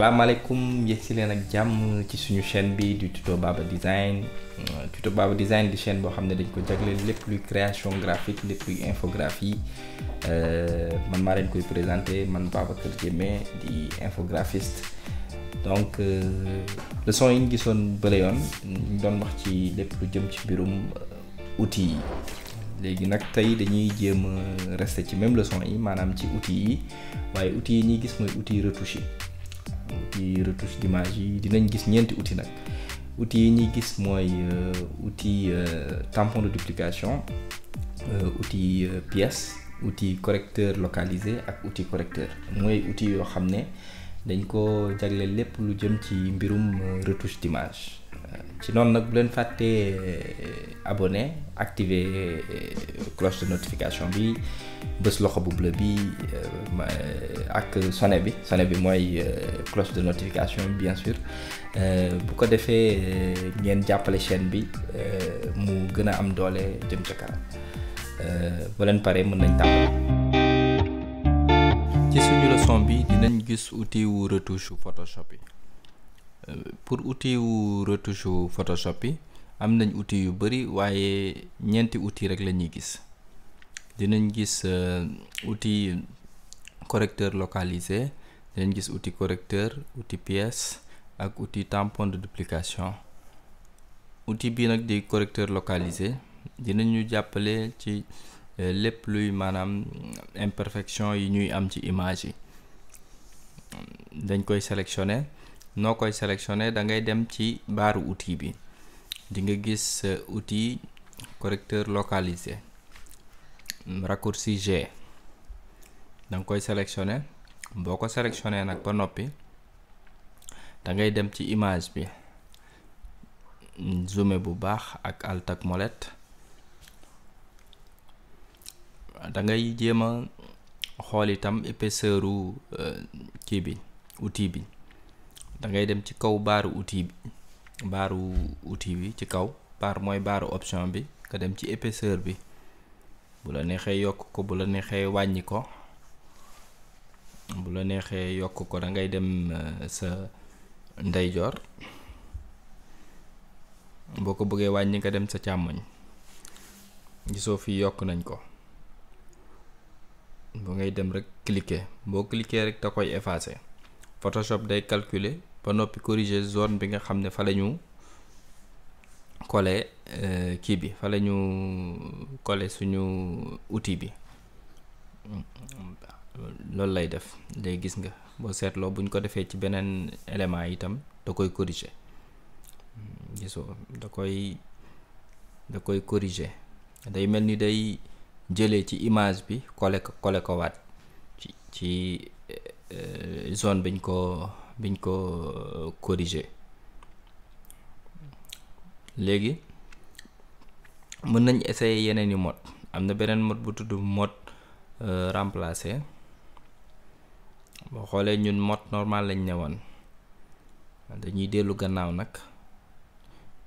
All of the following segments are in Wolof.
salaamaaleykum yegg si leen ak jàmm ci suñu chaîne bi du tuto Baba Design euh, tuto Baba Design di chaîne boo xam ne dañ ko jagleel lépp luy création graphique lépp luy infographie euh, man maa leen koy présenté man Babacar Diémé di infographiste donc euh, leçon yi ñu gisoon bële yoon ñu doon wax ci lépp lu jëm ci mbirum outils yi léegi nag tey dañuy jéem a rester ci même leçon yi maanaam ci outils yi waaye outils yi ñuy gis mooy outils retouché outil retouche d'image yi dinañ gis ñeenti uti nag outil yi ñuy gis mooy euh, outil euh, tampon de duplication euh, uti pièce outil correcteur localisé ak outil correcteur mooy uti yoo xam ne dañ ko jagleel lépp lu jëm ci mbirum retouche d'image Euh, ci noonu nag bu leen fàttee euh, abonné activer euh, cloche de notification bi bés loxo bu bleu bi ak sonné bi sonné bi mooy cloche de notification bi bien sûr bu ko defee ngeen jàppale chaine bi mu gën a am doole jëm ca kanam bu leen paree mën nañ tàmbali. ci suñu leçon bi dinañ gis outil wu retouche Photoshop yi. pour outil wu retouche wu Photoshop yi am nañ outil yu bëri waaye ñeenti outil rek la ñuy gis dinañ gis euh, outil correcteur localisé dinañ gis outil correcteur outil pièce ak outil tampon de duplication outil bii nag di correcteur localisé dinañu jàppale ci euh, lépp luy maanaam imperfection yi ñuy am ci image yi dañ koy sélectionner noo koy sélectionné da ngay dem ci baaru outil bi di nga gis euh, uti correcteur localisé raccourci G da nga koy sélectionné boo ko sélectionné nag ba noppi da ngay dem ci image bi zoomé bu baax ak alt ak molette da ngay jéem a xool itam épaisseur u euh, kii bi outil bi da ngay dem ci kaw baaru outil bi baaru outil bi ci kaw par mooy baaru option bi nga dem ci épaisseur bi bu la neexee yokk ko bu la neexee wàññi ko bu la neexee yokk ko da ngay dem euh, sa ndeyjoor boo ko bëggee wàññi nga dem sa càmmoñ gisoo fii yokk nañ ko bu ngay dem rek cliquer boo cliquer rek da koy effacer Photoshop day calculer ba noppi corriger zone bi nga xam ne fa la ñu coller euh, kii bi fa la ñu coller suñu uti bi loolu lay def day gis nga boo seetloo buñ ko defee ci beneen élément itam da koy corriger gisoo da koy da koy corriger day mel ni day jëlee ci image bi coller ko coller ko waat ci ci euh, zone biñ ko biñ ko euh, corriger léegi mën nañ essayer yeneen i mode am na beneen mot bu tudd mode euh, remplacer boo xoolee ñun mot normal lañ ne woon dañuy dellu gannaaw nag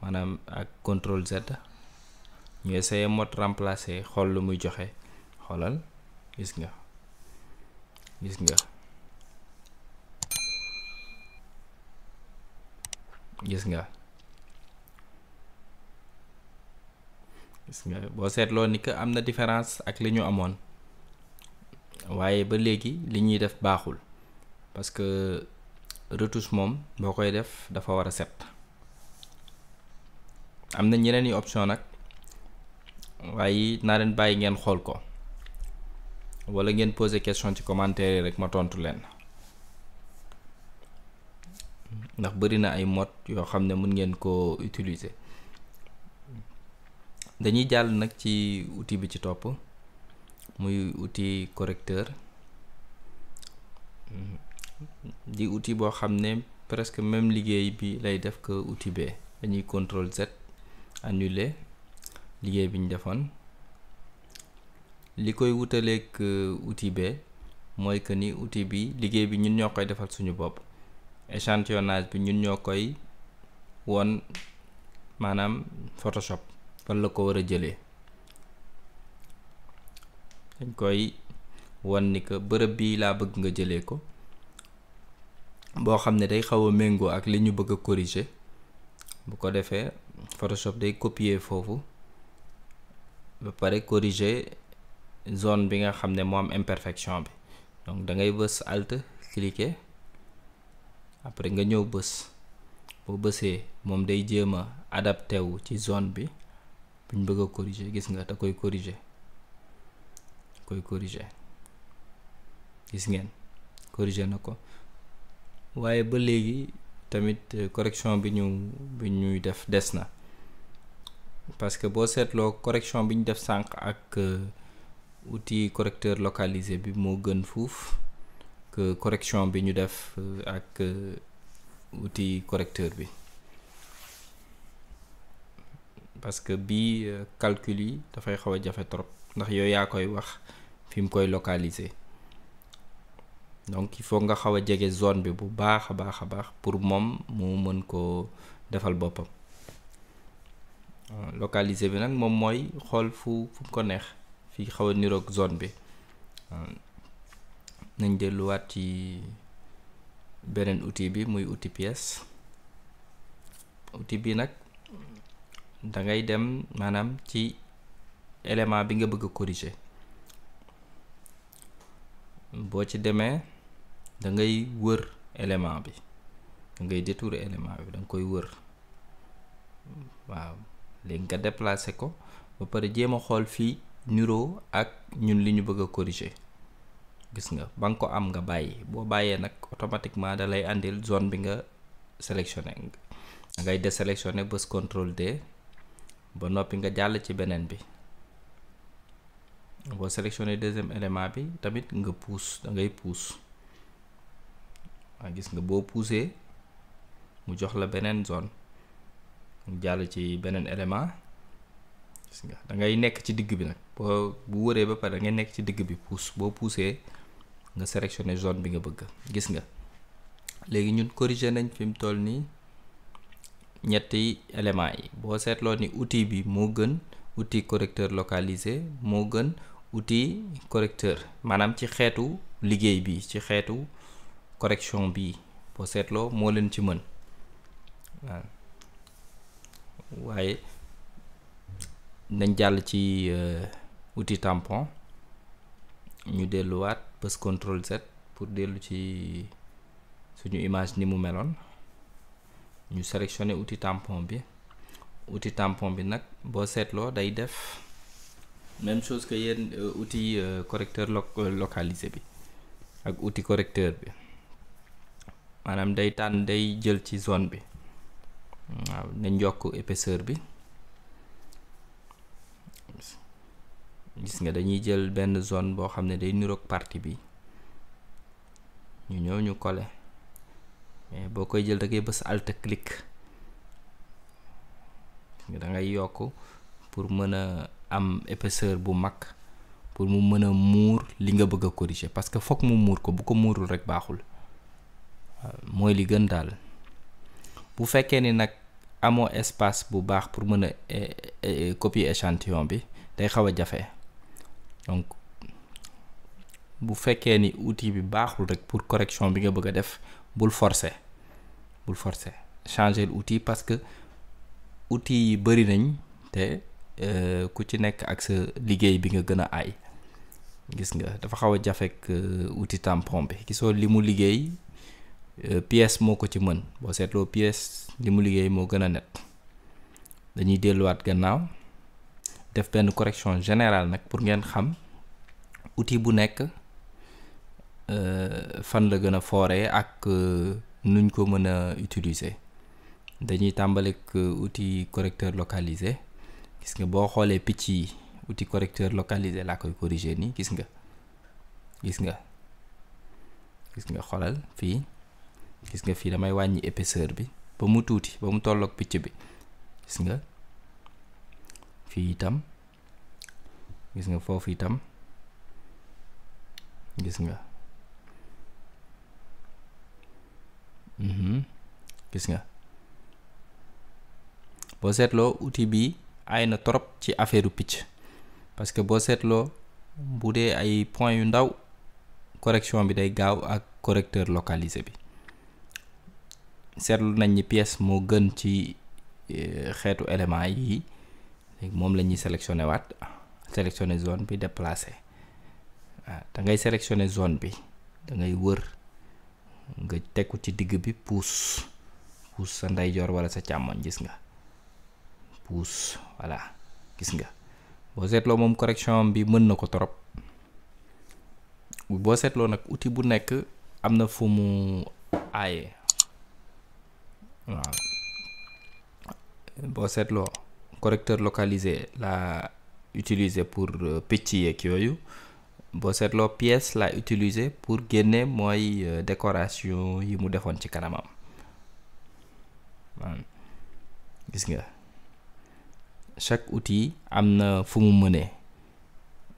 maanaam ak contrôle Z ñu essayer mot remplacer xool lu muy joxe xoolal gis nga gis nga gis nga boo seetloo ni que am na différence ak li ñu amoon waaye ba léegi li ñuy def baaxul parce que retouche moom boo koy def dafa war a set am na ñeneen yu option nag waaye naa leen bàyyi ngeen xool ko walla ngeen poser question ci commentaire rek ma tontu leen. ndax bëri na ay mode yoo xam ne mën ngeen koo utiliser dañuy jàll nag ci uti bi ci topp muy outil correcteur di uti boo xam ne presque même liggéey bi lay def ko outil B dañuy contrôle Z annuler liggéey bi ñu defoon li koy wutaleek euh, outil B mooy que ni outil bi liggéey bi ñun ñoo koy defal suñu bopp échantillonnage bi ñun ñoo koy woon maanaam photoshop fan la ko war a jëlee dañ koy won ni que bërëb bii laa bëgg nga jëlee ko boo xam ne day xaw a méngoo ak li ñu bëgg a bu ko defee photoshop day copier foofu ba pare corriger zone bi nga xam ne moom imperfection bi donc dangay bës alt cliquer après nga ñëw bës boo bësee moom day jéem a adapté wu ci zone bi buñ bëgg a corriger gis nga da koy corriger koy corriger gis ngeen corriger na ko waaye ba léegi tamit euh, correction bi ñu bi ñuy def des na parce que boo seetloo correction bi ñu def sànq ak wuti euh, correcteur localisé bi moo gën fuuf Euh, correction bi ñu def euh, ak wuti euh, correcteur bi parce que bii calcul yi dafay xaw a jafe trop ndax yooyu yaa koy wax fi mu koy localiser donc il faut nga xaw a jege zone bi bu baax a baax a baax pour moom mu mën koo defal boppam localiser bi nag moom mooy xool fu fu ko neex fi xaw a niroog zone bi nañ delluwaat ci beneen outil bi muy outil pièce outil bi nag dangay dem maanaam ci élément bi nga bëgg a boo ci demee da ngay wër élément bi da ngay détourer élément bi danga koy wër waaw léegi nga déplacer ko ba pare jéem a xool fii niroo ak ñun li ñu bëgg a corriger gis nga ba nga ko am nga bàyyi boo bàyyee nag automatiquement da lay àndil zone bi nga sélectionné da ngay désélectionné bés contrôle D ba noppi nga jàll ci beneen bi boo sélectionné deuxième élément bi tamit nga puus da ngay puus waa gis nga boo puusee mu jox la beneen zone jàll ci beneen élément gis nga da ngay nekk ci digg bi nag boo bu wëree ba pare da nekk ci digg bi puus boo puusee nga sélectionné zone bi nga bëgg gis nga léegi ñun corriger nañ fi mu toll nii ñetti éléments yi boo seetloo ni uti bi moo gën outil correcteur localisé moo gën uti correcteur maanaam ci xeetu liggéey bi ci xeetu correction bi boo seetloo moo leen ci mën waaw waaye nañ jàll ci euh, uti tampon ñu delluwaat bës contrôle set pour dellu ci suñu image ni mu meloon ñu sélectionné outil tampon bi outil tampon bi nag boo seetloo day def même chose que yéen euh, outil euh, correcteur lo euh, localisé bi ak outil correcteur bi maanaam day tànn day jël ci zone bi waaw nañ jokk épaisseur bi gis nga dañuy jël benn zone boo xam ne day niroog partie bi ñu ñëw ñu kole mais boo koy jël da ngay bës alt clic da ngay yokk pour mën a am épaisseur bu mag pour mu mën a muur li nga bëgg a corriger parce que foog mu muur ko bu ko muurul rek baaxul mooy li gën daal bu fekkee ni nag amoo espace bu baax pour mën a eh, eh, copier échantillon bi day xaw a jafe. donc bu fekkee ni outil bi baaxul rek pour correction bi nga bëgg a def bul forcer bul forcer changer l'outil parce que outil yi bëri nañ te euh, ku ci nekk ak sa liggéey bi nga gën a ay gis nga dafa xaw a jafek euh, outil tampon bi gisoo li mu liggéey euh, pièce moo ko ci mën boo seetloo pièce li mu liggéey moo gën a net dañuy delluwaat gannaaw def benn correction général nag pour ngeen xam uti bu nekk euh, fan la gën a foore ak euh, nuñ ko mën a utiliser dañuy tàmbalik euh, outil correcteur localisé gis nga boo xoolee picc yi outil correcteur localisé laa koy corriger nii gis nga gis nga gis nga xoolal fii gis nga fii damay wàññi épaisseur bi ba mu tuuti ba mu tollook picc bi gis nga fii itam gis nga foofu itam gis nga mhm. gis nga boo seetloo outil bi ay na trop ci affaire picc parce que boo seetloo bu dee ay point yu ndaw correction bi day gaaw ak correcteur localisé bi seetlu nañ ni pièce moo gën ci eh, xeetu élément yi moom la ñuy sélectionné waat sélectionné zone bi déplacé waaw da ngay sélectionné zone bi da ngay wër nga tekku ci digg bi puus puus sa ndeyjoor wala sa càmmoñ gis nga puus voilà gis nga boo seetloo moom correction bi mën na ko torop boo seetloo nag outil bu nekk am na fu mu aaye waaw boo seetloo correcteur localisé laa utiliser pour euh, picc yeeg yooyu boo seetloo pièce laa utiliser pour génne mooy euh, décoration yi mu defoon ci kanamam gis nga chaque outil am na fu mu mënee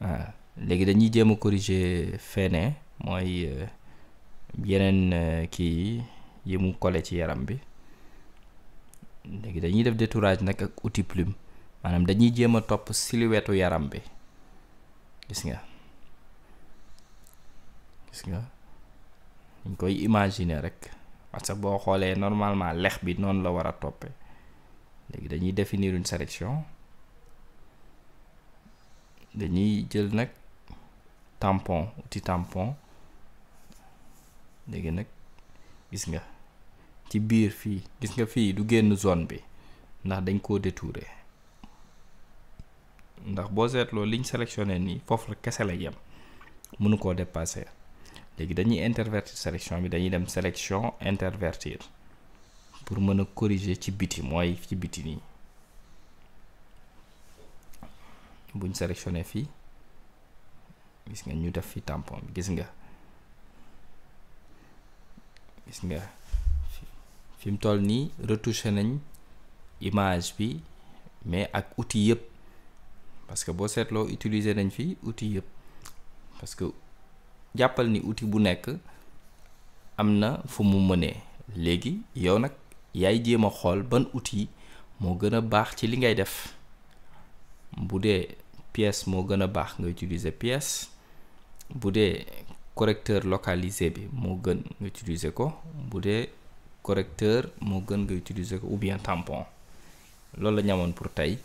waaw léegi dañuy jéem a corriger fene mooy euh, yeneen kii yi mu collé ci yaram bi léegi dañuy def détourage nag ak outil plume maanaam dañuy jéem a topp silhouette yaram bi gis nga gis nga ñu koy imaginer rek parce que boo xoolee normalement lex bi noonu la war a toppe léegi dañuy définir une sélection dañuy jël nag tampon outil tampon léegi nag gis nga ci biir fii gis nga fii du génn zone bi ndax dañ koo détouré ndax boo seetloo liñ sélectionné nii foofu la kese la yem mënu koo dépasser léegi dañuy intervertir sélection bi dañuy dem sélection intervertir pour mën a corriger ci biti mooy ci biti nii buñ sélectionné fii gis nga ñu def fi tempon bi gis nga gis nga fi mu toll nii retouché nañ image bi mais ak outil yëpp parce que boo seetloo utiliser nañ fi outil yëpp parce que jàppal ni outil bu nekk am na fu mu mënee léegi yow nag yaay jéem a xool ban outil moo gën a baax ci li ngay def bu dee pièce moo gën a baax nga utiliser pièce bu dee correcteur localisé bi moo gën utiliser ko bu dee correcteur moo gën nga utiliser ko ou bien tampon loolu la ñamoon pour tey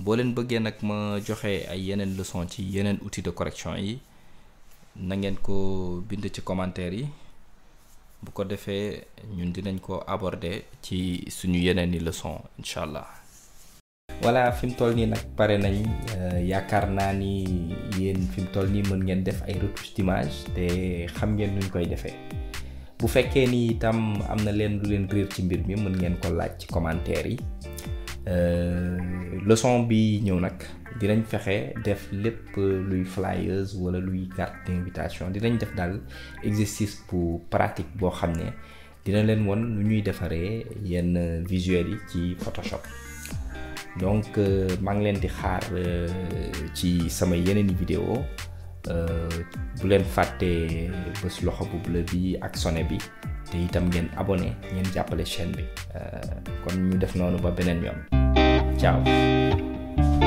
boo leen bëggee nag ma joxe ay yeneen leçon ci yeneen outil de correction yi na ngeen ko bind ci commentaire yi bu ko defee ñun dinañ ko aborder ci suñu yeneen i leçon incha allah. voilà fi mu toll nii nag pare nañ euh, yaakaar naa ni yéen fi mu toll nii mën ngeen def ay retouches d'image te xam ngeen nuñ koy defee. bu fekkee ni itam am na leen lu leen réer ci mbir mi mun ngeen ko laaj ci commentaire yi euh, leçon bi ñëw nag dinañ fexe def lépp luy flyers wala luy carte d'invitation dinañ def daal exercice bu pratique boo xam ne dina leen won lu ñuy defaree yenn visuels yi ci Photoshop donc euh, maa ngi leen di xaar euh, ci sama yeneen i vidéo Euh, bu leen fàtte bés loxo bu bleu bi ak sonné bi te itam ngeen abonné ngeen jàppale chaîne bi euh, kon ñu def noonu ba beneen yoon ciao